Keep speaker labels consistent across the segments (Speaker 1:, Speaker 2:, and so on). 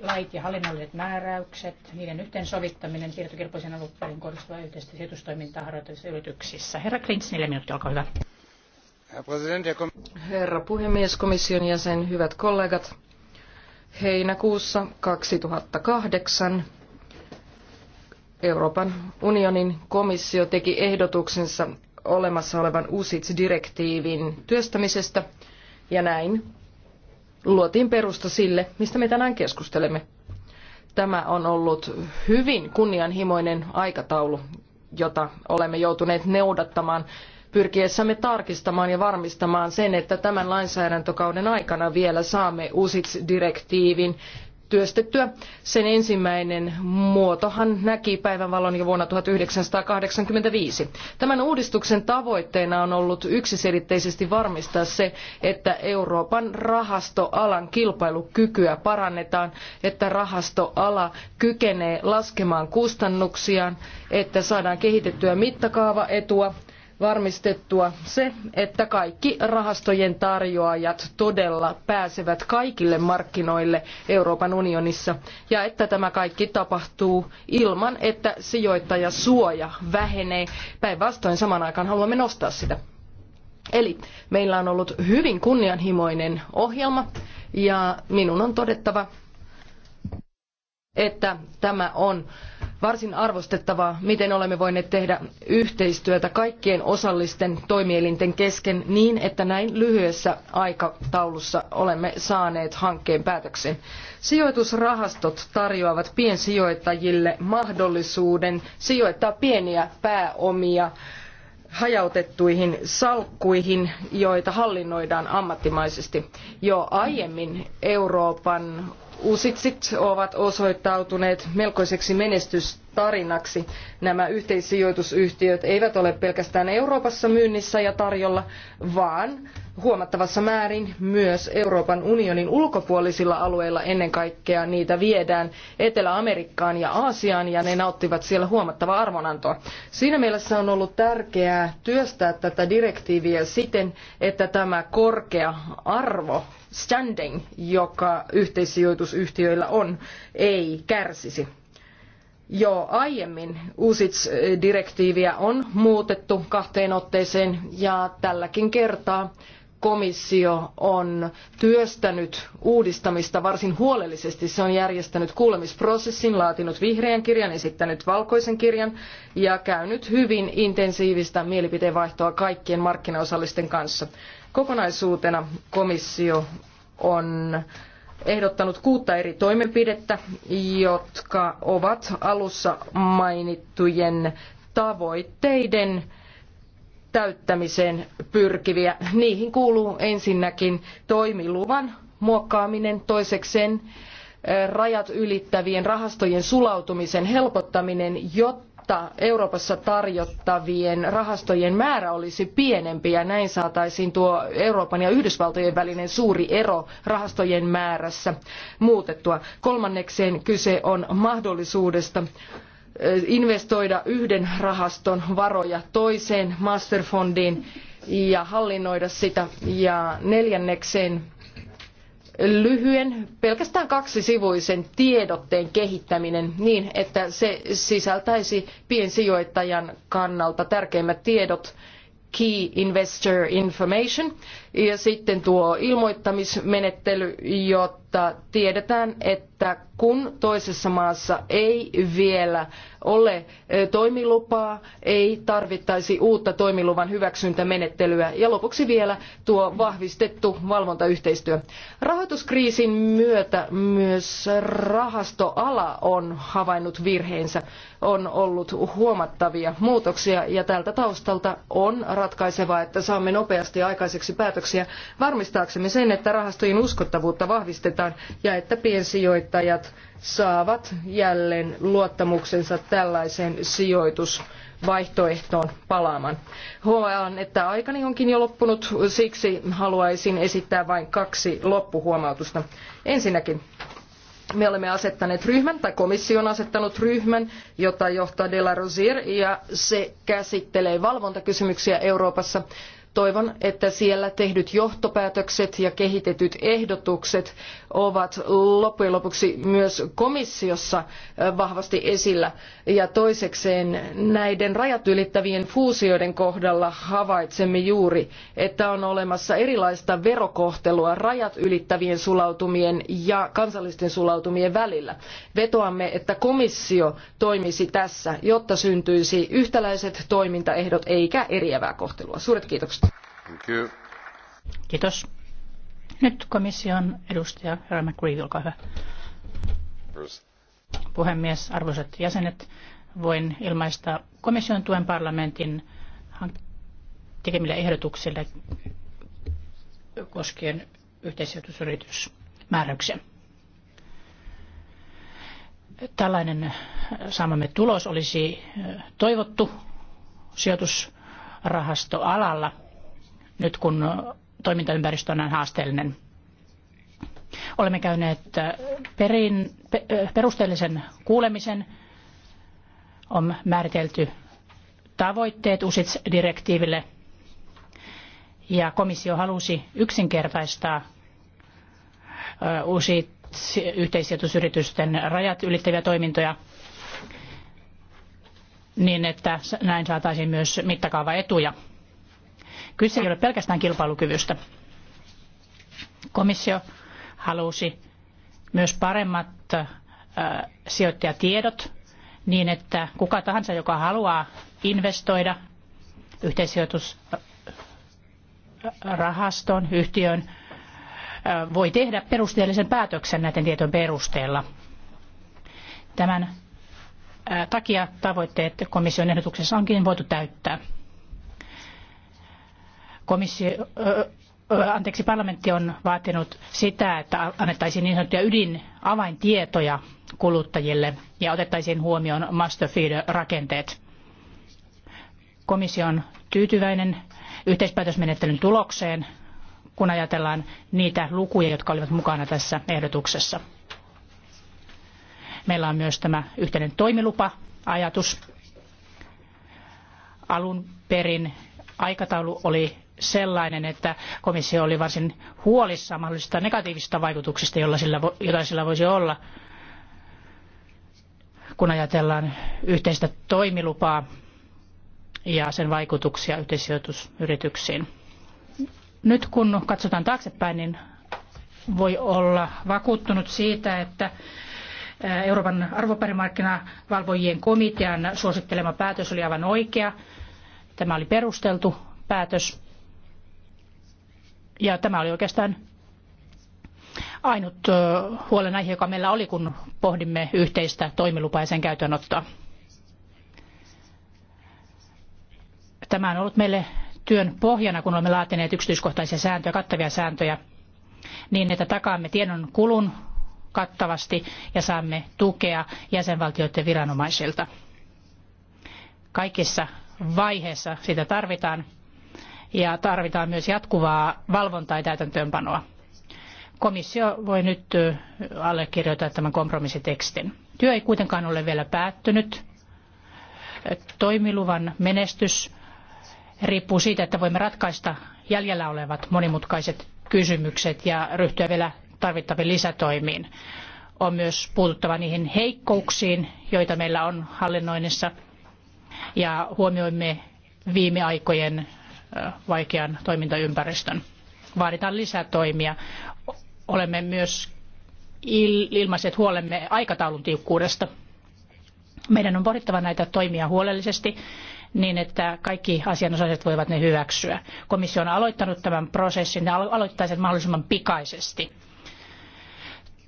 Speaker 1: lait ja hallinnolliset määräykset, niiden yhteensovittaminen siirtokilpoisen alueen kohdistuva yhteistä sijoitustoimintaa harjoittavissa yrityksissä. Herra Klintz, neljä minuuttia, olkaa hyvä. Herra puhemies, komission
Speaker 2: jäsen, hyvät kollegat. Heinäkuussa 2008 Euroopan unionin komissio teki ehdotuksensa olemassa olevan usits direktiivin työstämisestä ja näin luotiin perusta sille, mistä me tänään keskustelemme. Tämä on ollut hyvin kunnianhimoinen aikataulu, jota olemme joutuneet neudattamaan pyrkiessämme tarkistamaan ja varmistamaan sen, että tämän lainsäädäntökauden aikana vielä saamme uusiksi direktiivin työstettyä. Sen ensimmäinen muotohan näki päivänvalon jo vuonna 1985. Tämän uudistuksen tavoitteena on ollut yksiselitteisesti varmistaa se, että Euroopan rahastoalan kilpailukykyä parannetaan, että rahastoala kykenee laskemaan kustannuksiaan, että saadaan kehitettyä mittakaavaetua, varmistettua se, että kaikki rahastojen tarjoajat todella pääsevät kaikille markkinoille Euroopan unionissa ja että tämä kaikki tapahtuu ilman, että suoja vähenee. Päinvastoin saman aikaan haluamme nostaa sitä. Eli meillä on ollut hyvin kunnianhimoinen ohjelma ja minun on todettava, että tämä on varsin arvostettavaa, miten olemme voineet tehdä yhteistyötä kaikkien osallisten toimielinten kesken niin, että näin lyhyessä aikataulussa olemme saaneet hankkeen päätöksen. Sijoitusrahastot tarjoavat piensijoittajille mahdollisuuden sijoittaa pieniä pääomia hajautettuihin salkkuihin, joita hallinnoidaan ammattimaisesti. Jo aiemmin Euroopan Usitsit ovat osoittautuneet melkoiseksi menestystarinaksi. Nämä yhteissijoitusyhtiöt eivät ole pelkästään Euroopassa myynnissä ja tarjolla, vaan huomattavassa määrin myös Euroopan unionin ulkopuolisilla alueilla ennen kaikkea niitä viedään Etelä-Amerikkaan ja Aasiaan ja ne nauttivat siellä huomattavaa arvonantoa. Siinä mielessä on ollut tärkeää työstää tätä direktiiviä siten, että tämä korkea arvo standing, joka yhteissijoitusyhtiöillä on, ei kärsisi. Jo aiemmin USITS-direktiiviä eh, on muutettu kahteen otteeseen ja tälläkin kertaa komissio on työstänyt uudistamista varsin huolellisesti. Se on järjestänyt kuulemisprosessin, laatinut vihreän kirjan, esittänyt valkoisen kirjan ja käynyt hyvin intensiivistä mielipiteenvaihtoa kaikkien markkinaosallisten kanssa. Kokonaisuutena komissio on ehdottanut kuutta eri toimenpidettä, jotka ovat alussa mainittujen tavoitteiden täyttämiseen pyrkiviä. Niihin kuuluu ensinnäkin toimiluvan muokkaaminen, toisekseen rajat ylittävien rahastojen sulautumisen helpottaminen, jotta Euroopassa tarjottavien rahastojen määrä olisi pienempi ja näin saataisiin tuo Euroopan ja Yhdysvaltojen välinen suuri ero rahastojen määrässä muutettua. Kolmannekseen kyse on mahdollisuudesta investoida yhden rahaston varoja toiseen masterfondiin ja hallinnoida sitä. Ja neljännekseen lyhyen, pelkästään kaksisivuisen tiedotteen kehittäminen niin, että se sisältäisi piensijoittajan kannalta tärkeimmät tiedot Key Investor Information ja sitten tuo ilmoittamismenettely, jotta tiedetään, että kun toisessa maassa ei vielä ole toimilupaa, ei tarvittaisi uutta toimiluvan hyväksyntämenettelyä. Ja lopuksi vielä tuo vahvistettu valvontayhteistyö. Rahoituskriisin myötä myös rahastoala on havainnut virheensä. On ollut huomattavia muutoksia ja tältä taustalta on ratkaisevaa, että saamme nopeasti aikaiseksi päätöksen päätöksiä varmistaaksemme sen, että rahastojen uskottavuutta vahvistetaan ja että piensijoittajat saavat jälleen luottamuksensa tällaiseen sijoitusvaihtoehtoon palaamaan. Huomaan, että aikani onkin jo loppunut, siksi haluaisin esittää vain kaksi loppuhuomautusta. Ensinnäkin me olemme asettaneet ryhmän, tai komissio on asettanut ryhmän, jota johtaa De La Rosier, ja se käsittelee valvontakysymyksiä Euroopassa. Toivon, että siellä tehdyt johtopäätökset ja kehitetyt ehdotukset ovat loppujen lopuksi myös komissiossa vahvasti esillä. Ja toisekseen näiden rajat ylittävien fuusioiden kohdalla havaitsemme juuri, että on olemassa erilaista verokohtelua rajat ylittävien sulautumien ja kansallisten sulautumien välillä. Vetoamme, että komissio toimisi tässä, jotta syntyisi yhtäläiset toimintaehdot eikä eriävää kohtelua. Suuret kiitokset.
Speaker 1: Kiitos. Nyt komission edustaja Herra McReeve, olkaa hyvä. Puhemies, arvoisat jäsenet, voin ilmaista komission tuen parlamentin tekemille ehdotuksille koskien yhteisijoitusyritysmääräyksiä. Tällainen saamamme tulos olisi toivottu sijoitusrahastoalalla nyt kun toimintaympäristö on näin haasteellinen. Olemme käyneet äh, perin, äh, perusteellisen kuulemisen. On määritelty tavoitteet USITS-direktiiville ja komissio halusi yksinkertaistaa äh, USITS-yhteissijoitusyritysten rajat ylittäviä toimintoja niin, että näin saataisiin myös mittakaavaetuja. Kyse ei ole pelkästään kilpailukyvystä. Komissio halusi myös paremmat sijoittajatiedot niin, että kuka tahansa, joka haluaa investoida yhteisijoitusrahastoon, yhtiön, voi tehdä perusteellisen päätöksen näiden tietojen perusteella. Tämän takia tavoitteet komission ehdotuksessa onkin voitu täyttää. Komissio, anteeksi, parlamentti on vaatinut sitä, että annettaisiin niin sanottuja ydinavaintietoja kuluttajille ja otettaisiin huomioon master feeder-rakenteet. Komissio on tyytyväinen yhteispäätösmenettelyn tulokseen, kun ajatellaan niitä lukuja, jotka olivat mukana tässä ehdotuksessa. Meillä on myös tämä yhteinen toimilupa-ajatus. Alun perin aikataulu oli sellainen, että komissio oli varsin huolissaan mahdollisista negatiivisista vaikutuksista, jolla sillä, joita sillä voisi olla, kun ajatellaan yhteistä toimilupaa ja sen vaikutuksia yhteisijoitusyrityksiin. Nyt kun katsotaan taaksepäin, niin voi olla vakuuttunut siitä, että Euroopan arvopaperimarkkinavalvojien komitean suosittelema päätös oli aivan oikea. Tämä oli perusteltu päätös. Ja tämä oli oikeastaan ainut huolenaihe, joka meillä oli, kun pohdimme yhteistä toimilupaa ja sen käyttöönottoa. Tämä on ollut meille työn pohjana, kun olemme laatineet yksityiskohtaisia sääntöjä, kattavia sääntöjä, niin että takaamme tiedon kulun kattavasti ja saamme tukea jäsenvaltioiden viranomaisilta. Kaikissa vaiheissa sitä tarvitaan ja tarvitaan myös jatkuvaa valvontaa ja täytäntöönpanoa. Komissio voi nyt allekirjoittaa tämän kompromissitekstin. Työ ei kuitenkaan ole vielä päättynyt. Toimiluvan menestys riippuu siitä, että voimme ratkaista jäljellä olevat monimutkaiset kysymykset ja ryhtyä vielä tarvittaviin lisätoimiin. On myös puututtava niihin heikkouksiin, joita meillä on hallinnoinnissa, ja huomioimme viime aikojen vaikean toimintaympäristön. Vaaditaan lisätoimia. Olemme myös ilmaiset huolemme aikataulun tiukkuudesta. Meidän on pohdittava näitä toimia huolellisesti niin, että kaikki asianosaiset voivat ne hyväksyä. Komissio on aloittanut tämän prosessin ja aloittaa sen mahdollisimman pikaisesti.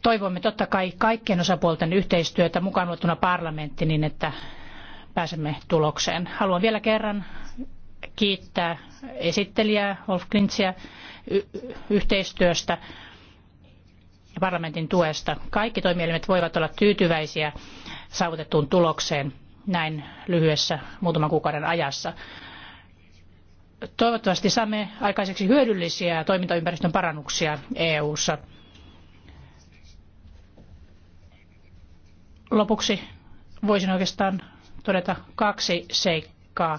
Speaker 1: Toivomme totta kai kaikkien osapuolten yhteistyötä mukaan luettuna parlamentti niin, että pääsemme tulokseen. Haluan vielä kerran kiittää esittelijää Wolf Klintsiä yhteistyöstä ja parlamentin tuesta. Kaikki toimielimet voivat olla tyytyväisiä saavutettuun tulokseen näin lyhyessä muutaman kuukauden ajassa. Toivottavasti saamme aikaiseksi hyödyllisiä toimintaympäristön parannuksia EU-ssa. Lopuksi voisin oikeastaan todeta kaksi seikkaa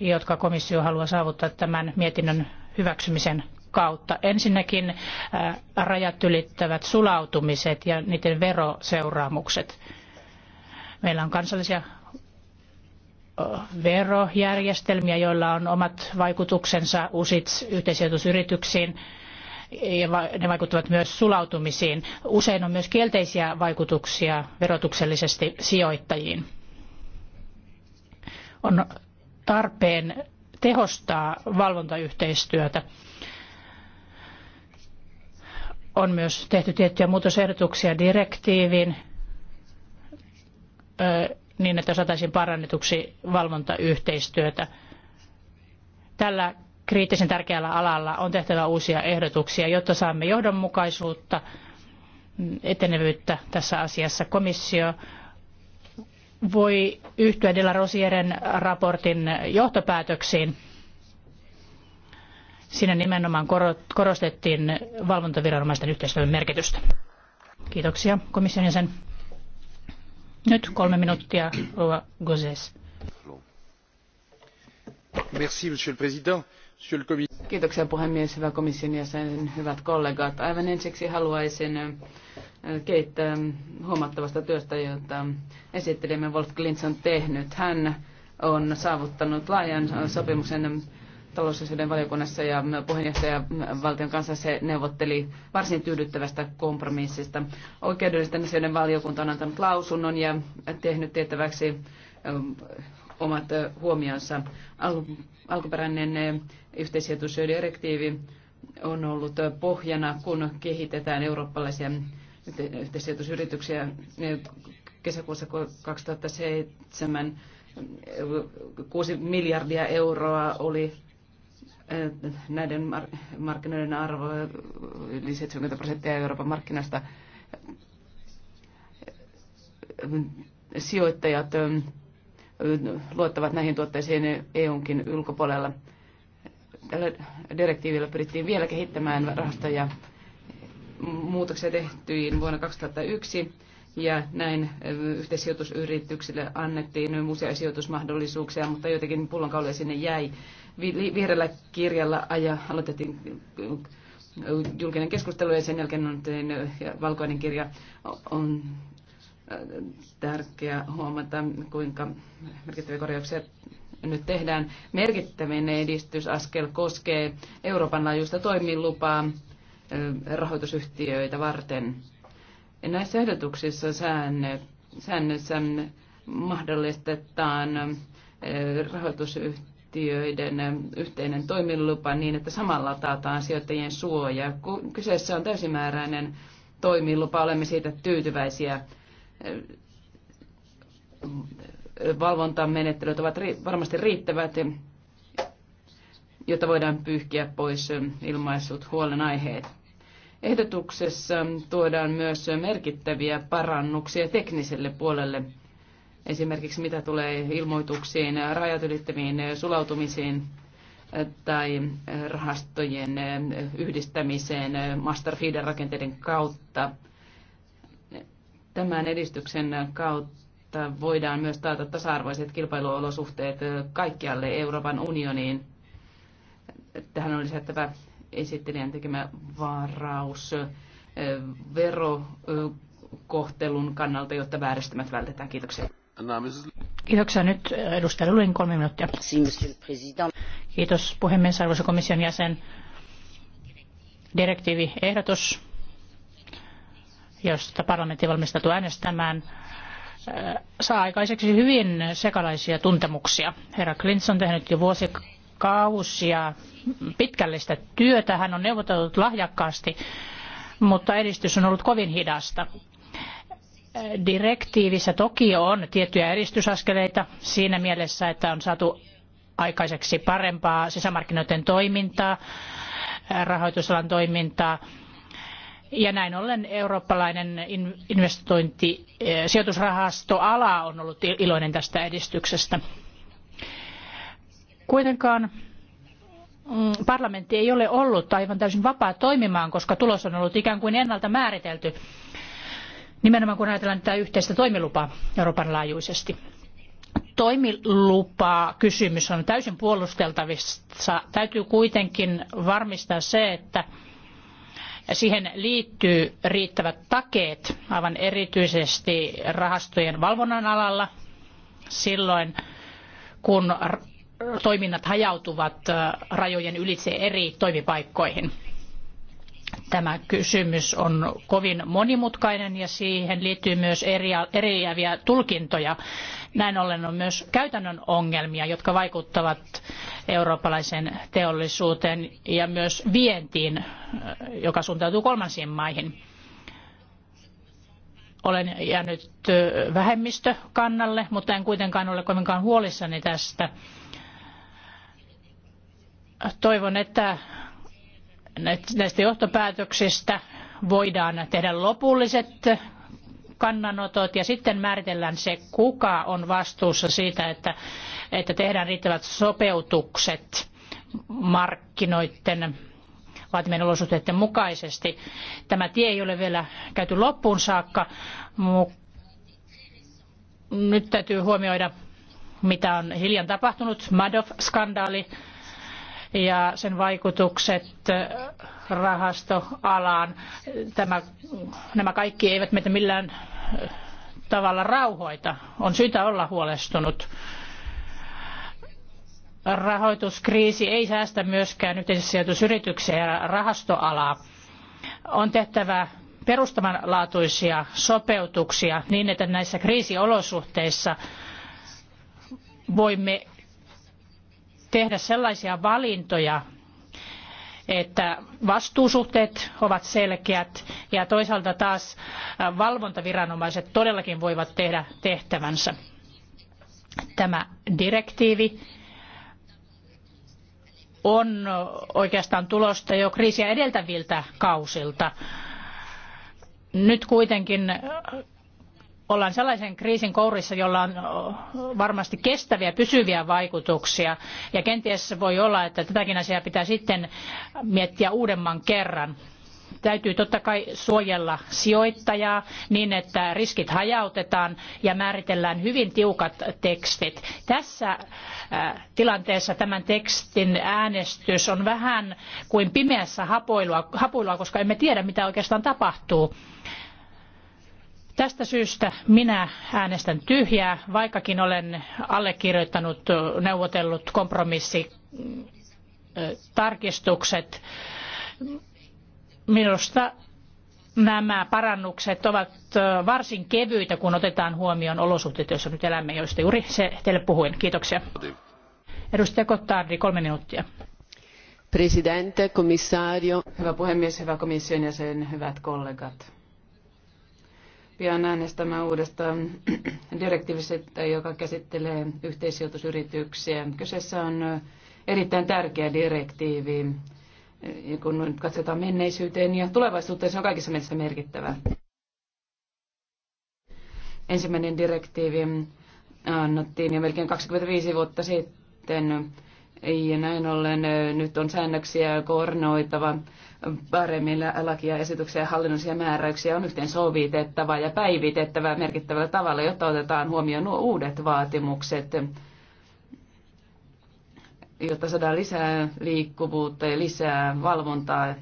Speaker 1: jotka komissio haluaa saavuttaa tämän mietinnön hyväksymisen kautta. Ensinnäkin äh, rajat ylittävät sulautumiset ja niiden veroseuraamukset. Meillä on kansallisia äh, verojärjestelmiä, joilla on omat vaikutuksensa uusiksi yhteisijoitusyrityksiin ja ne vaikuttavat myös sulautumisiin. Usein on myös kielteisiä vaikutuksia verotuksellisesti sijoittajiin. On tarpeen tehostaa valvontayhteistyötä. On myös tehty tiettyjä muutosehdotuksia direktiiviin niin, että saataisiin parannetuksi valvontayhteistyötä. Tällä kriittisen tärkeällä alalla on tehtävä uusia ehdotuksia, jotta saamme johdonmukaisuutta, etenevyyttä tässä asiassa. Komissio voi yhtyä De Rosieren raportin johtopäätöksiin. Siinä nimenomaan korostettiin valvontaviranomaisten yhteistyön merkitystä. Kiitoksia komission jäsen. Nyt kolme minuuttia, Rua Gozes. Merci, monsieur le président. Kiitoksia puhemies, hyvä komission
Speaker 3: jäsen, hyvät kollegat. Aivan ensiksi haluaisin äh, kiittää huomattavasta työstä, jota esittelijämme Wolf Klintz on tehnyt. Hän on saavuttanut laajan sopimuksen talousasioiden valiokunnassa ja puheenjohtaja valtion kanssa se neuvotteli varsin tyydyttävästä kompromissista. Oikeudellisten asioiden valiokunta on antanut lausunnon ja tehnyt tietäväksi ähm, omat huomionsa. Alkuperäinen direktiivi on ollut pohjana, kun kehitetään eurooppalaisia yhteisjätusyrityksiä. Kesäkuussa 2007 6 miljardia euroa oli näiden markkinoiden arvo, yli 70 prosenttia Euroopan markkinasta sijoittajat luottavat näihin tuotteisiin EUnkin ulkopuolella. Tällä direktiivillä pyrittiin vielä kehittämään rahastoja. Muutoksia tehtiin vuonna 2001 ja näin yhteissijoitusyrityksille annettiin uusia sijoitusmahdollisuuksia, mutta jotenkin pullonkauloja sinne jäi. Vierellä kirjalla aja, aloitettiin julkinen keskustelu ja sen jälkeen on valkoinen kirja on tärkeää huomata, kuinka merkittäviä korjauksia nyt tehdään. Merkittävin edistysaskel koskee Euroopan laajuista toimilupaa rahoitusyhtiöitä varten. Näissä ehdotuksissa säännö, säännössä mahdollistetaan rahoitusyhtiöiden yhteinen toimilupa niin, että samalla taataan sijoittajien suoja. Kyseessä on täysimääräinen toimilupa, olemme siitä tyytyväisiä valvontamenettelyt ovat varmasti riittävät, jotta voidaan pyyhkiä pois ilmaissut huolenaiheet. Ehdotuksessa tuodaan myös merkittäviä parannuksia tekniselle puolelle, esimerkiksi mitä tulee ilmoituksiin, rajat ylittäviin sulautumisiin tai rahastojen yhdistämiseen feeder rakenteiden kautta – Tämän edistyksen kautta voidaan myös taata tasa-arvoiset kilpailuolosuhteet kaikkialle Euroopan unioniin. Tähän on lisättävä esittelijän tekemä varaus verokohtelun kannalta, jotta vääristymät vältetään. Kiitoksia.
Speaker 1: Kiitoksia. Nyt edustaja Lulin kolme minuuttia. Kiitos puhemies, arvoisa komission jäsen. Direktiivi ehdotus josta parlamentti valmistautuu äänestämään, äh, saa aikaiseksi hyvin sekalaisia tuntemuksia. Herra Clinton on tehnyt jo vuosikausia pitkällistä työtä. Hän on neuvotellut lahjakkaasti, mutta edistys on ollut kovin hidasta. Direktiivissä toki on tiettyjä edistysaskeleita siinä mielessä, että on saatu aikaiseksi parempaa sisämarkkinoiden toimintaa, rahoitusalan toimintaa, ja näin ollen eurooppalainen investointi, eh, sijoitusrahastoala on ollut iloinen tästä edistyksestä. Kuitenkaan mm, parlamentti ei ole ollut aivan täysin vapaa toimimaan, koska tulos on ollut ikään kuin ennalta määritelty, nimenomaan kun ajatellaan tätä yhteistä toimilupaa Euroopan laajuisesti toimilupaa kysymys on täysin puolusteltavissa. Täytyy kuitenkin varmistaa se, että Siihen liittyy riittävät takeet, aivan erityisesti rahastojen valvonnan alalla, silloin kun toiminnat hajautuvat äh, rajojen ylitse eri toimipaikkoihin. Tämä kysymys on kovin monimutkainen ja siihen liittyy myös eriäviä tulkintoja näin ollen on myös käytännön ongelmia, jotka vaikuttavat eurooppalaiseen teollisuuteen ja myös vientiin, joka suuntautuu kolmansiin maihin. Olen jäänyt vähemmistökannalle, mutta en kuitenkaan ole kovinkaan huolissani tästä. Toivon, että näistä johtopäätöksistä voidaan tehdä lopulliset kannanotot ja sitten määritellään se, kuka on vastuussa siitä, että, että tehdään riittävät sopeutukset markkinoiden vaatimien olosuhteiden mukaisesti. Tämä tie ei ole vielä käyty loppuun saakka. Nyt täytyy huomioida, mitä on hiljan tapahtunut. Madoff-skandaali ja sen vaikutukset äh, rahastoalaan. Tämä, nämä kaikki eivät meitä millään äh, tavalla rauhoita. On syytä olla huolestunut. Rahoituskriisi ei säästä myöskään yhteisessä sijoitusyrityksiä ja rahastoalaa. On tehtävä perustavanlaatuisia sopeutuksia niin, että näissä kriisiolosuhteissa voimme tehdä sellaisia valintoja, että vastuusuhteet ovat selkeät ja toisaalta taas valvontaviranomaiset todellakin voivat tehdä tehtävänsä. Tämä direktiivi on oikeastaan tulosta jo kriisiä edeltäviltä kausilta. Nyt kuitenkin ollaan sellaisen kriisin kourissa, jolla on varmasti kestäviä, pysyviä vaikutuksia. Ja kenties voi olla, että tätäkin asiaa pitää sitten miettiä uudemman kerran. Täytyy totta kai suojella sijoittajaa niin, että riskit hajautetaan ja määritellään hyvin tiukat tekstit. Tässä tilanteessa tämän tekstin äänestys on vähän kuin pimeässä hapoilua, hapoilua koska emme tiedä, mitä oikeastaan tapahtuu. Tästä syystä minä äänestän tyhjää, vaikkakin olen allekirjoittanut neuvotellut kompromissitarkistukset. Minusta nämä parannukset ovat varsin kevyitä, kun otetaan huomioon olosuhteet, joissa nyt elämme, joista juuri se teille puhuin. Kiitoksia. Edustaja Kottardi, kolme minuuttia.
Speaker 3: Presidente, komissario. Hyvä puhemies, hyvä komission jäsen, hyvät kollegat
Speaker 1: pian äänestämään
Speaker 3: uudesta direktiivistä, joka käsittelee yhteisijoitusyrityksiä. Kyseessä on erittäin tärkeä direktiivi. Kun nyt katsotaan menneisyyteen ja tulevaisuuteen, se on kaikissa mielessä merkittävä. Ensimmäinen direktiivi annettiin jo melkein 25 vuotta sitten ja näin ollen nyt on säännöksiä koordinoitava paremmin lakia, esityksiä ja hallinnollisia määräyksiä on sovitettava ja päivitettävä merkittävällä tavalla, jotta otetaan huomioon nuo uudet vaatimukset, jotta saadaan lisää liikkuvuutta ja lisää valvontaa.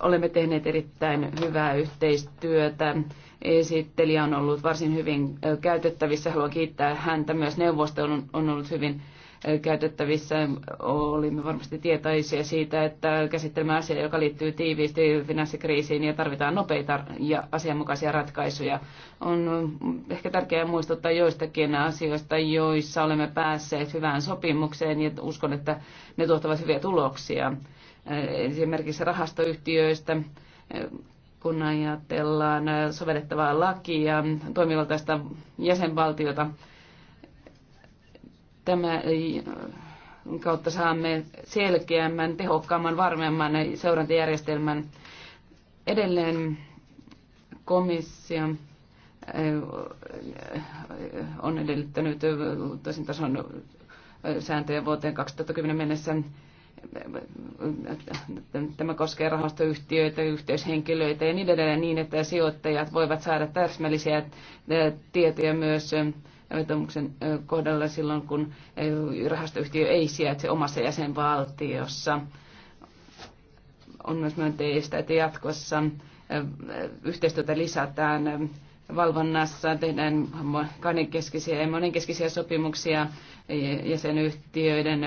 Speaker 3: Olemme tehneet erittäin hyvää yhteistyötä esittelijä on ollut varsin hyvin käytettävissä. Haluan kiittää häntä. Myös neuvosto on ollut hyvin käytettävissä. Olimme varmasti tietoisia siitä, että käsittelemme asia, joka liittyy tiiviisti finanssikriisiin ja tarvitaan nopeita ja asianmukaisia ratkaisuja. On ehkä tärkeää muistuttaa joistakin asioista, joissa olemme päässeet hyvään sopimukseen ja uskon, että ne tuottavat hyviä tuloksia. Esimerkiksi rahastoyhtiöistä kun ajatellaan sovellettavaa lakia toimivaltaista jäsenvaltiota. Tämä äh, kautta saamme selkeämmän, tehokkaamman, varmemman seurantajärjestelmän. Edelleen komissio äh, on edellyttänyt äh, toisen tason sääntöjä vuoteen 2010 mennessä tämä koskee rahastoyhtiöitä, yhteyshenkilöitä ja niin edelleen niin, että sijoittajat voivat saada täsmällisiä eh, tietoja myös eh, vetomuksen eh, kohdalla silloin, kun rahastoyhtiö ei sijaitse omassa jäsenvaltiossa. On myös myönteistä, että jatkossa yhteistyötä lisätään valvonnassa tehdään kahdenkeskisiä ja monenkeskisiä sopimuksia jäsenyhtiöiden,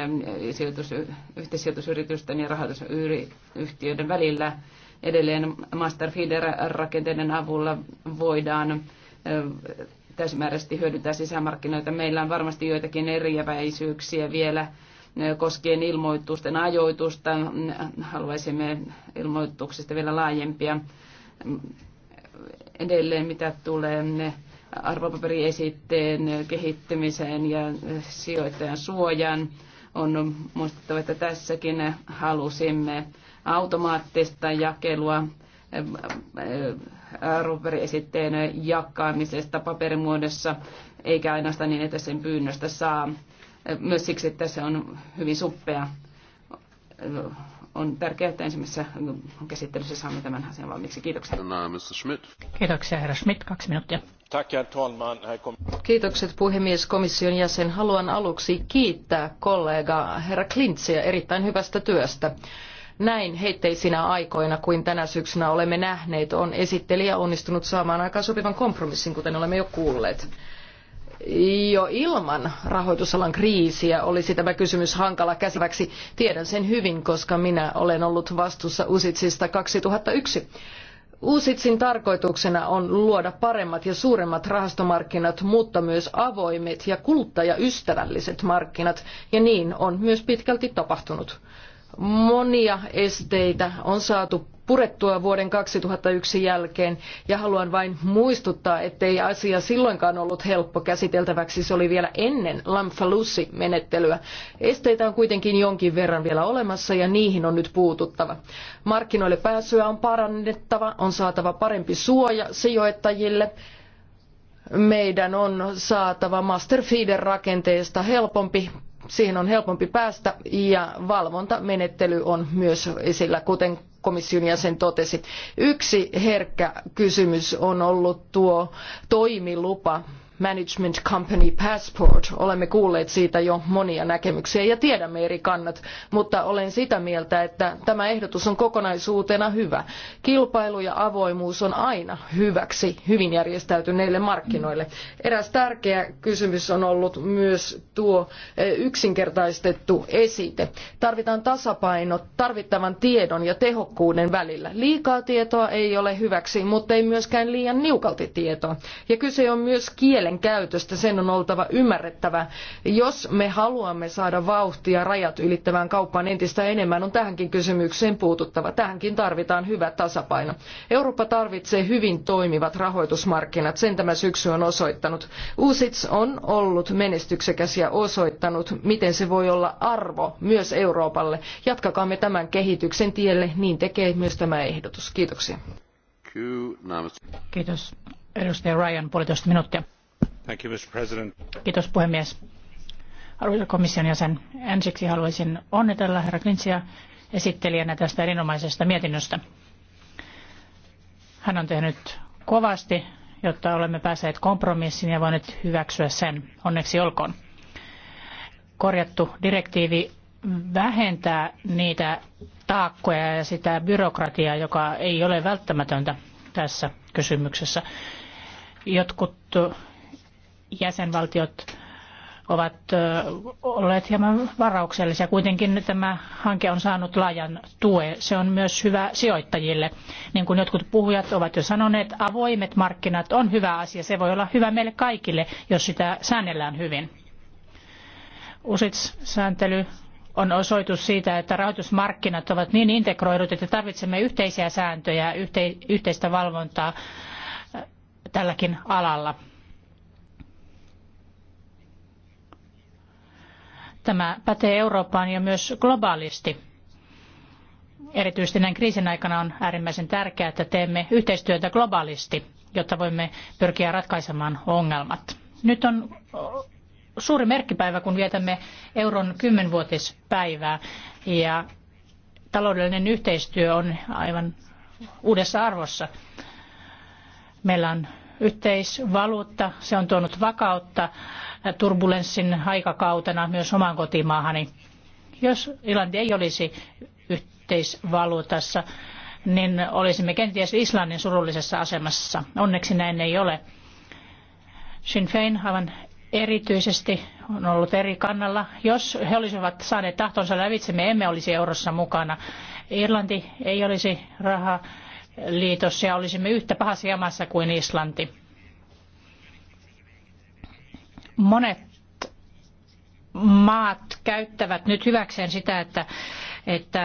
Speaker 3: sijoitus, yhteisijoitusyritysten ja rahoitusyhtiöiden välillä. Edelleen master feeder-rakenteiden avulla voidaan täysimääräisesti hyödyntää sisämarkkinoita. Meillä on varmasti joitakin eriäväisyyksiä vielä koskien ilmoitusten ajoitusta. Haluaisimme ilmoituksista vielä laajempia edelleen mitä tulee ne arvopaperiesitteen kehittämiseen ja sijoittajan suojaan. On muistettava, että tässäkin halusimme automaattista jakelua arvopaperiesitteen jakamisesta paperimuodossa, eikä ainoastaan niin, että sen pyynnöstä saa. Myös siksi, että se on hyvin suppea on tärkeää, että ensimmäisessä käsittelyssä saamme tämän asian valmiiksi. Kiitoksia.
Speaker 1: Kiitoksia, herra Schmidt. Kaksi minuuttia. Kiitokset puhemies komission
Speaker 2: jäsen. Haluan aluksi kiittää kollega herra Klintsiä erittäin hyvästä työstä. Näin heitteisinä aikoina kuin tänä syksynä olemme nähneet, on esittelijä onnistunut saamaan aikaan sopivan kompromissin, kuten olemme jo kuulleet jo ilman rahoitusalan kriisiä olisi tämä kysymys hankala käsiväksi. Tiedän sen hyvin, koska minä olen ollut vastuussa Usitsista 2001. Uusitsin tarkoituksena on luoda paremmat ja suuremmat rahastomarkkinat, mutta myös avoimet ja kuluttajaystävälliset markkinat, ja niin on myös pitkälti tapahtunut. Monia esteitä on saatu purettua vuoden 2001 jälkeen ja haluan vain muistuttaa, ettei asia silloinkaan ollut helppo käsiteltäväksi. Se oli vielä ennen Lamfalussi-menettelyä. Esteitä on kuitenkin jonkin verran vielä olemassa ja niihin on nyt puututtava. Markkinoille pääsyä on parannettava, on saatava parempi suoja sijoittajille meidän on saatava master feeder rakenteesta helpompi siihen on helpompi päästä ja valvontamenettely on myös esillä, kuten komission jäsen totesi. Yksi herkkä kysymys on ollut tuo toimilupa management company passport. Olemme kuulleet siitä jo monia näkemyksiä ja tiedämme eri kannat, mutta olen sitä mieltä, että tämä ehdotus on kokonaisuutena hyvä. Kilpailu ja avoimuus on aina hyväksi hyvin järjestäytyneille markkinoille. Eräs tärkeä kysymys on ollut myös tuo eh, yksinkertaistettu esite. Tarvitaan tasapaino tarvittavan tiedon ja tehokkuuden välillä. Liikaa tietoa ei ole hyväksi, mutta ei myöskään liian niukalti tietoa. Ja kyse on myös kielen kielenkäytöstä, sen on oltava ymmärrettävä. Jos me haluamme saada vauhtia rajat ylittävään kauppaan entistä enemmän, on tähänkin kysymykseen puututtava. Tähänkin tarvitaan hyvä tasapaino. Eurooppa tarvitsee hyvin toimivat rahoitusmarkkinat, sen tämä syksy on osoittanut. Uusits on ollut menestyksekäs ja osoittanut, miten se voi olla arvo myös Euroopalle. Jatkakaamme tämän kehityksen tielle, niin tekee myös tämä ehdotus. Kiitoksia.
Speaker 1: Kiitos. Edustaja Ryan, puolitoista minuuttia. Kiitos puhemies. Arvoisa komission jäsen, ensiksi haluaisin onnitella herra Klintsiä esittelijänä tästä erinomaisesta mietinnöstä. Hän on tehnyt kovasti, jotta olemme päässeet kompromissiin ja voineet hyväksyä sen. Onneksi olkoon. Korjattu direktiivi vähentää niitä taakkoja ja sitä byrokratiaa, joka ei ole välttämätöntä tässä kysymyksessä. Jotkut jäsenvaltiot ovat olleet hieman varauksellisia. Kuitenkin tämä hanke on saanut laajan tuen. Se on myös hyvä sijoittajille. Niin kuin jotkut puhujat ovat jo sanoneet, avoimet markkinat on hyvä asia. Se voi olla hyvä meille kaikille, jos sitä säännellään hyvin. Usits-sääntely on osoitus siitä, että rahoitusmarkkinat ovat niin integroidut, että tarvitsemme yhteisiä sääntöjä, yhteistä valvontaa tälläkin alalla. Tämä pätee Eurooppaan ja myös globaalisti. Erityisesti näin kriisin aikana on äärimmäisen tärkeää, että teemme yhteistyötä globaalisti, jotta voimme pyrkiä ratkaisemaan ongelmat. Nyt on suuri merkkipäivä, kun vietämme euron kymmenvuotispäivää ja taloudellinen yhteistyö on aivan uudessa arvossa. Meillä on yhteisvaluutta. Se on tuonut vakautta turbulenssin aikakautena myös omaan kotimaahani. Jos Irlanti ei olisi yhteisvaluutassa, niin olisimme kenties Islannin surullisessa asemassa. Onneksi näin ei ole. Sinn Fein aivan erityisesti on ollut eri kannalla. Jos he olisivat saaneet tahtonsa lävitse, me emme olisi eurossa mukana. Irlanti ei olisi rahaa liitossa ja olisimme yhtä pahassa jamassa kuin Islanti. Monet maat käyttävät nyt hyväkseen sitä, että, että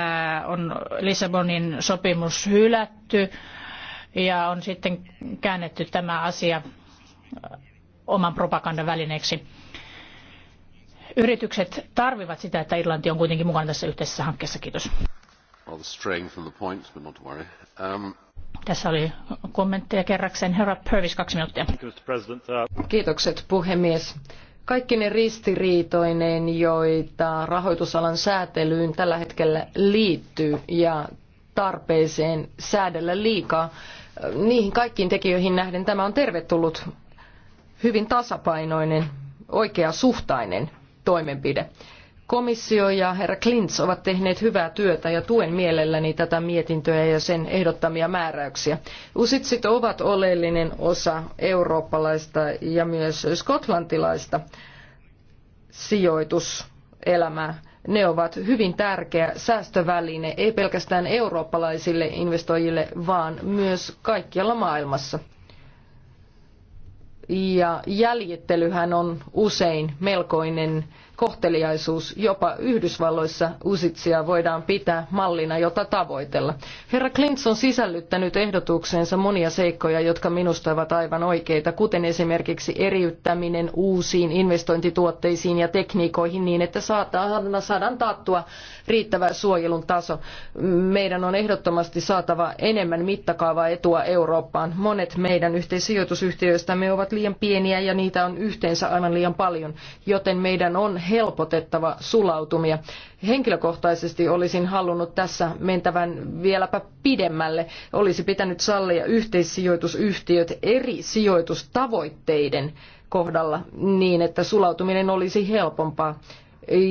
Speaker 1: on Lissabonin sopimus hylätty ja on sitten käännetty tämä asia oman propagandan välineeksi. Yritykset tarvivat sitä, että Irlanti on kuitenkin mukana tässä yhteisessä hankkeessa. Kiitos. Um, Tässä oli kommentteja kerrakseen. Herra Purvis, kaksi minuuttia. Uh, Kiitokset puhemies. Kaikki ne
Speaker 2: ristiriitoinen, joita rahoitusalan säätelyyn tällä hetkellä liittyy ja tarpeeseen säädellä liikaa, äh, niihin kaikkiin tekijöihin nähden tämä on tervetullut, hyvin tasapainoinen, oikeasuhtainen toimenpide. Komissio ja herra Klints ovat tehneet hyvää työtä ja tuen mielelläni tätä mietintöä ja sen ehdottamia määräyksiä. Usitsit ovat oleellinen osa eurooppalaista ja myös skotlantilaista sijoituselämää. Ne ovat hyvin tärkeä säästöväline, ei pelkästään eurooppalaisille investoijille, vaan myös kaikkialla maailmassa. Ja jäljittelyhän on usein melkoinen kohteliaisuus. Jopa Yhdysvalloissa Usitsia voidaan pitää mallina, jota tavoitella. Herra Clint on sisällyttänyt ehdotukseensa monia seikkoja, jotka minusta ovat aivan oikeita, kuten esimerkiksi eriyttäminen uusiin investointituotteisiin ja tekniikoihin niin, että saadaan taattua riittävä suojelun taso. Meidän on ehdottomasti saatava enemmän mittakaavaa etua Eurooppaan. Monet meidän yhteissijoitusyhtiöistämme ovat liian pieniä ja niitä on yhteensä aivan liian paljon, joten meidän on helpotettava sulautumia. Henkilökohtaisesti olisin halunnut tässä mentävän vieläpä pidemmälle. Olisi pitänyt sallia yhteissijoitusyhtiöt eri sijoitustavoitteiden kohdalla niin, että sulautuminen olisi helpompaa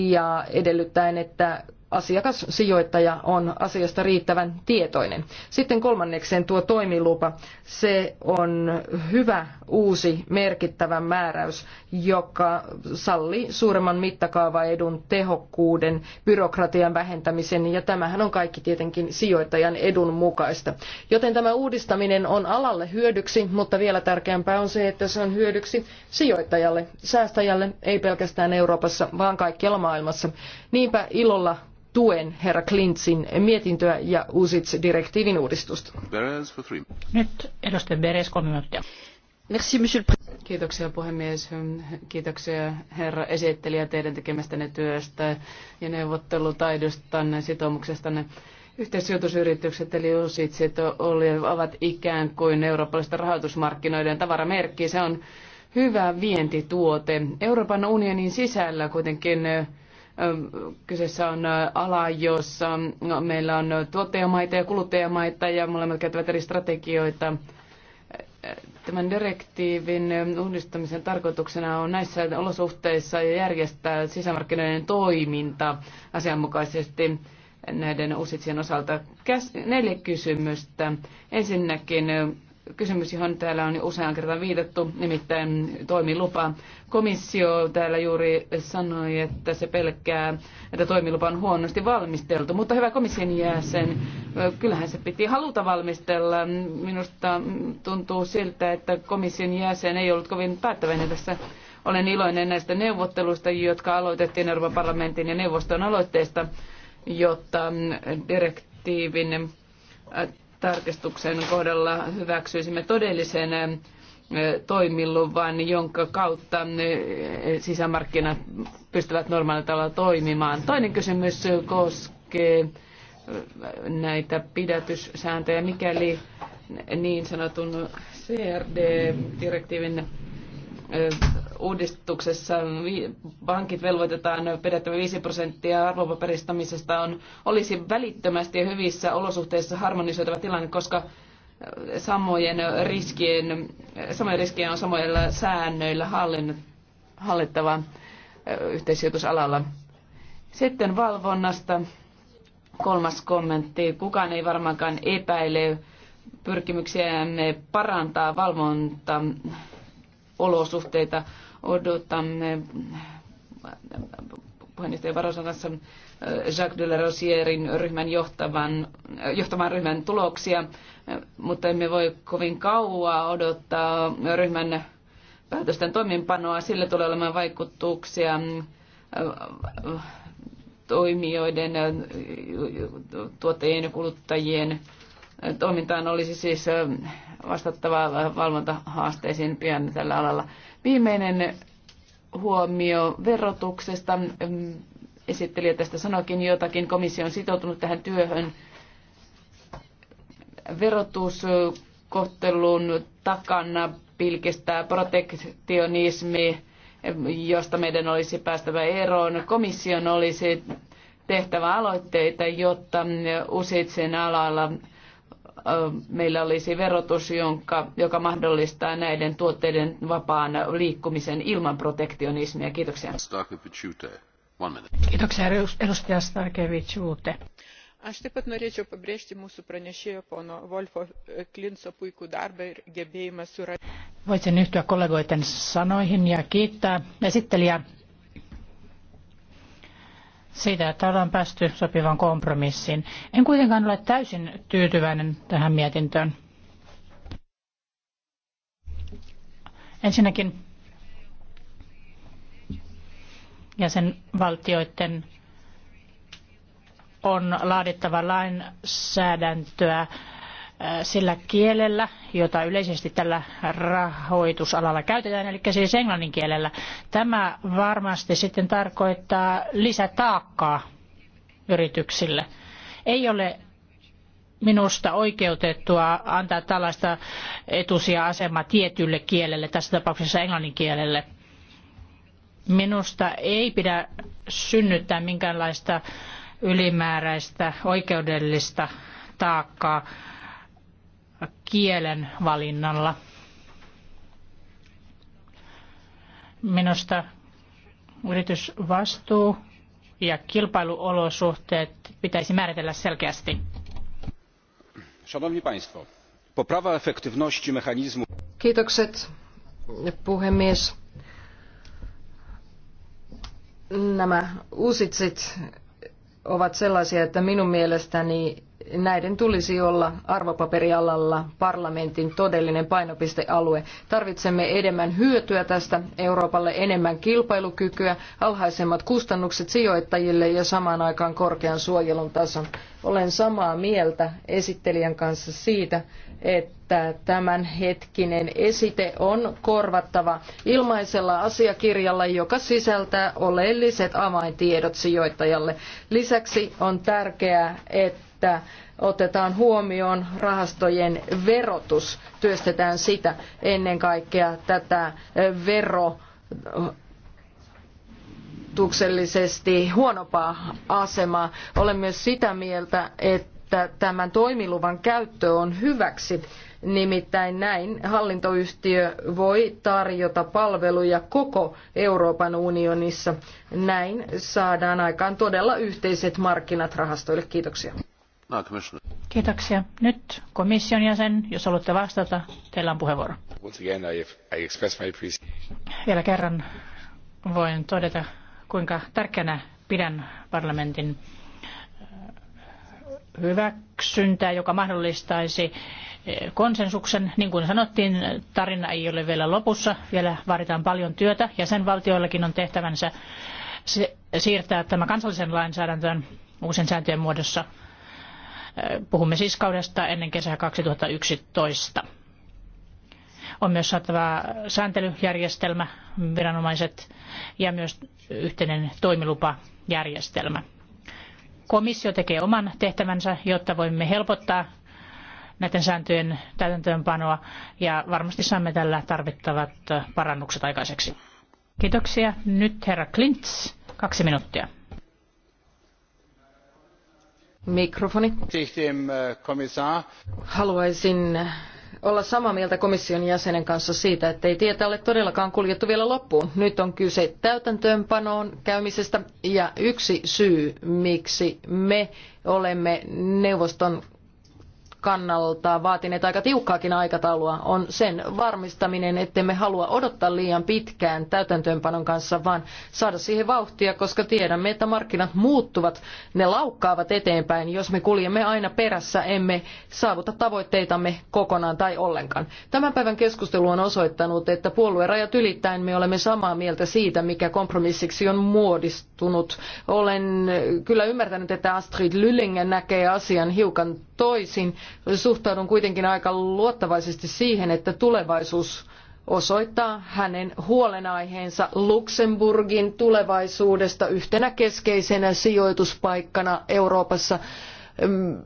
Speaker 2: ja edellyttäen, että asiakassijoittaja on asiasta riittävän tietoinen. Sitten kolmannekseen tuo toimilupa. Se on hyvä uusi merkittävä määräys, joka sallii suuremman mittakaavaedun tehokkuuden, byrokratian vähentämisen ja tämähän on kaikki tietenkin sijoittajan edun mukaista. Joten tämä uudistaminen on alalle hyödyksi, mutta vielä tärkeämpää on se, että se on hyödyksi sijoittajalle, säästäjälle, ei pelkästään Euroopassa, vaan kaikkialla maailmassa. Niinpä ilolla tuen herra Klintsin mietintöä ja uusit direktiivin uudistusta. Nyt edustaja Beres
Speaker 1: kolme minuuttia.
Speaker 3: Kiitoksia puhemies. Kiitoksia herra esittelijä teidän tekemästänne työstä ja neuvottelutaidostanne sitoumuksestanne. Yhteissijoitusyritykset eli uusitsit ovat ikään kuin eurooppalaisten rahoitusmarkkinoiden tavaramerkki. Se on hyvä vientituote. Euroopan unionin sisällä kuitenkin Kyseessä on äh, ala, jossa äh, meillä on tuottajamaita ja kuluttajamaita ja molemmat käyttävät eri strategioita. Äh, tämän direktiivin uudistamisen tarkoituksena on näissä olosuhteissa järjestää sisämarkkinoiden toiminta asianmukaisesti näiden uusitsien osalta. Neljä kysymystä. Ensinnäkin kysymys, johon täällä on jo usean kertaan viitattu, nimittäin toimilupa. Komissio täällä juuri sanoi, että se pelkää, että toimilupa on huonosti valmisteltu, mutta hyvä komission jäsen, kyllähän se piti haluta valmistella. Minusta tuntuu siltä, että komission jäsen ei ollut kovin päättäväinen tässä olen iloinen näistä neuvotteluista, jotka aloitettiin Euroopan parlamentin ja neuvoston aloitteesta, jotta direktiivin tarkistuksen kohdalla hyväksyisimme todellisen toimiluvan, jonka kautta sisämarkkinat pystyvät normaalilla tavalla toimimaan. Toinen kysymys koskee näitä pidätyssääntöjä, mikäli niin sanotun CRD-direktiivin uudistuksessa pankit velvoitetaan pidettävä 5 prosenttia arvopaperistamisesta on, olisi välittömästi ja hyvissä olosuhteissa harmonisoitava tilanne, koska samojen riskien, samojen riskien on samoilla säännöillä hallittava yhteissijoitusalalla. Sitten valvonnasta kolmas kommentti. Kukaan ei varmaankaan epäile pyrkimyksiämme parantaa valvontaa olosuhteita. Odotamme puheenjohtaja Varosan kanssa äh, Jacques de la Rosierin ryhmän johtavan, äh, johtavan ryhmän tuloksia, äh, mutta emme voi kovin kauaa odottaa ryhmän päätösten toimeenpanoa. Sillä tulee olemaan vaikutuksia toimijoiden, tuottajien ja kuluttajien toimintaan olisi siis vastattava valvontahaasteisiin pian tällä alalla. Viimeinen huomio verotuksesta. Esittelijä tästä sanoikin jotakin. Komissio on sitoutunut tähän työhön. Verotuskohtelun takana pilkistää protektionismi, josta meidän olisi päästävä eroon. Komission olisi tehtävä aloitteita, jotta useitsen alalla meillä olisi verotus, jonka, joka mahdollistaa näiden tuotteiden vapaan liikkumisen ilman protektionismia. Kiitoksia.
Speaker 1: Kiitoksia edustaja Starkevich Uute. Aš
Speaker 2: taip pat norėčiau pabrėžti mūsų pranešėjo pono Wolfo e, Klinso puikų darbą ir gebėjimą
Speaker 1: surasti. Voisin yhtyä kollegoiden sanoihin ja kiittää esittelijää siitä, että ollaan päästy sopivan kompromissiin. En kuitenkaan ole täysin tyytyväinen tähän mietintöön. Ensinnäkin jäsenvaltioiden on laadittava lainsäädäntöä sillä kielellä, jota yleisesti tällä rahoitusalalla käytetään, eli siis englannin kielellä. Tämä varmasti sitten tarkoittaa lisätaakkaa yrityksille. Ei ole minusta oikeutettua antaa tällaista etusijaasemaa asemaa tietylle kielelle, tässä tapauksessa englannin kielelle. Minusta ei pidä synnyttää minkäänlaista ylimääräistä oikeudellista taakkaa kielen valinnalla. Minusta yritysvastuu ja kilpailuolosuhteet pitäisi määritellä selkeästi. Szanowni Państwo, poprawa efektywności mechanizmu...
Speaker 2: Kiitokset, puhemies. Nämä uusitsit ovat sellaisia, että minun mielestäni näiden tulisi olla arvopaperialalla parlamentin todellinen painopistealue. Tarvitsemme enemmän hyötyä tästä Euroopalle, enemmän kilpailukykyä, alhaisemmat kustannukset sijoittajille ja samaan aikaan korkean suojelun tason. Olen samaa mieltä esittelijän kanssa siitä, että tämänhetkinen esite on korvattava ilmaisella asiakirjalla, joka sisältää oleelliset avaintiedot sijoittajalle. Lisäksi on tärkeää, että että otetaan huomioon rahastojen verotus, työstetään sitä ennen kaikkea tätä verotuksellisesti huonompaa asemaa. Olen myös sitä mieltä, että tämän toimiluvan käyttö on hyväksi. Nimittäin näin hallintoyhtiö voi tarjota palveluja koko Euroopan unionissa. Näin saadaan aikaan todella yhteiset markkinat rahastoille. Kiitoksia.
Speaker 1: No, Kiitoksia. Nyt komission jäsen, jos haluatte vastata, teillä on puheenvuoro. Vielä kerran voin todeta, kuinka tärkeänä pidän parlamentin äh, hyväksyntää, joka mahdollistaisi äh, konsensuksen. Niin kuin sanottiin, tarina ei ole vielä lopussa. Vielä vaaditaan paljon työtä. Jäsenvaltioillakin on tehtävänsä siirtää tämä kansallisen lainsäädäntöön uusien sääntöjen muodossa. Puhumme siis kaudesta ennen kesää 2011. On myös saatava sääntelyjärjestelmä, viranomaiset ja myös yhteinen toimilupajärjestelmä. Komissio tekee oman tehtävänsä, jotta voimme helpottaa näiden sääntöjen täytäntöönpanoa ja varmasti saamme tällä tarvittavat parannukset aikaiseksi. Kiitoksia. Nyt herra Klints, kaksi minuuttia. Äh,
Speaker 2: Haluaisin olla samaa mieltä komission jäsenen kanssa siitä, ettei tietä ole todellakaan kuljettu vielä loppuun. Nyt on kyse täytäntöönpanoon käymisestä ja yksi syy, miksi me olemme neuvoston kannalta vaatineet aika tiukkaakin aikataulua, on sen varmistaminen, ettemme halua odottaa liian pitkään täytäntöönpanon kanssa, vaan saada siihen vauhtia, koska tiedämme, että markkinat muuttuvat, ne laukkaavat eteenpäin. Jos me kuljemme aina perässä, emme saavuta tavoitteitamme kokonaan tai ollenkaan. Tämän päivän keskustelu on osoittanut, että puoluerajat ylittäen me olemme samaa mieltä siitä, mikä kompromissiksi on muodistunut. Olen kyllä ymmärtänyt, että Astrid Lyllinger näkee asian hiukan toisin Suhtaudun kuitenkin aika luottavaisesti siihen, että tulevaisuus osoittaa hänen huolenaiheensa Luxemburgin tulevaisuudesta yhtenä keskeisenä sijoituspaikkana Euroopassa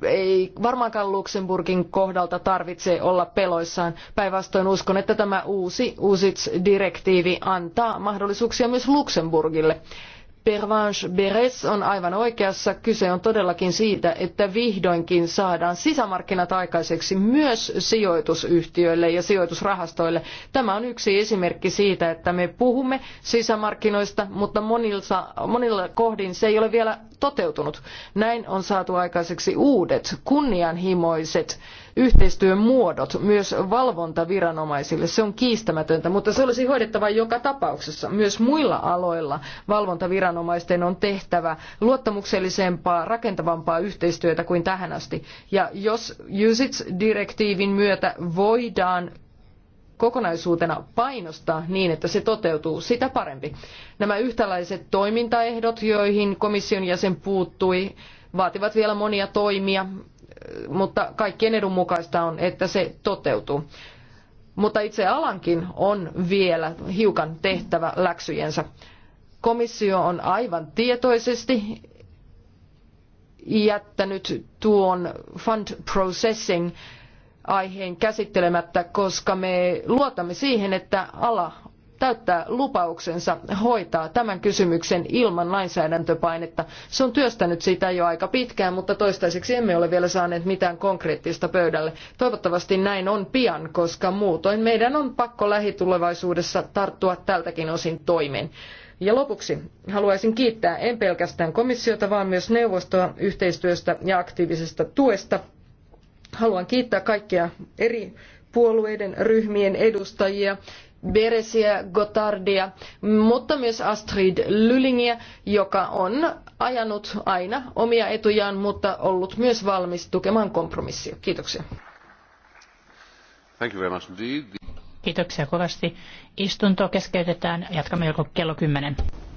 Speaker 2: ei varmaankaan Luxemburgin kohdalta tarvitse olla peloissaan. Päinvastoin uskon, että tämä uusi uusits direktiivi antaa mahdollisuuksia myös Luxemburgille. Pervanche Beres on aivan oikeassa. Kyse on todellakin siitä, että vihdoinkin saadaan sisämarkkinat aikaiseksi myös sijoitusyhtiöille ja sijoitusrahastoille. Tämä on yksi esimerkki siitä, että me puhumme sisämarkkinoista, mutta monilla, monilla kohdin se ei ole vielä toteutunut. Näin on saatu aikaiseksi uudet, kunnianhimoiset yhteistyön muodot myös valvontaviranomaisille. Se on kiistämätöntä, mutta se olisi hoidettava joka tapauksessa. Myös muilla aloilla valvontaviranomaisten on tehtävä luottamuksellisempaa, rakentavampaa yhteistyötä kuin tähän asti. Ja jos USITS-direktiivin myötä voidaan kokonaisuutena painostaa niin, että se toteutuu, sitä parempi. Nämä yhtäläiset toimintaehdot, joihin komission jäsen puuttui, vaativat vielä monia toimia, mutta kaikkien edun mukaista on, että se toteutuu. Mutta itse alankin on vielä hiukan tehtävä läksyjensä. Komissio on aivan tietoisesti jättänyt tuon fund processing aiheen käsittelemättä, koska me luotamme siihen, että ala täyttää lupauksensa hoitaa tämän kysymyksen ilman lainsäädäntöpainetta. Se on työstänyt sitä jo aika pitkään, mutta toistaiseksi emme ole vielä saaneet mitään konkreettista pöydälle. Toivottavasti näin on pian, koska muutoin meidän on pakko lähitulevaisuudessa tarttua tältäkin osin toimeen. Ja lopuksi haluaisin kiittää en pelkästään komissiota, vaan myös neuvostoa yhteistyöstä ja aktiivisesta tuesta Haluan kiittää kaikkia eri puolueiden ryhmien edustajia Beresiä, Gotardia, mutta myös Astrid Lyllingiä, joka on ajanut aina omia etujaan, mutta ollut myös
Speaker 1: valmis tukemaan kompromissia. Kiitoksia. Kiitoksia kovasti. Istunto keskeytetään. Jatkamme kello 10.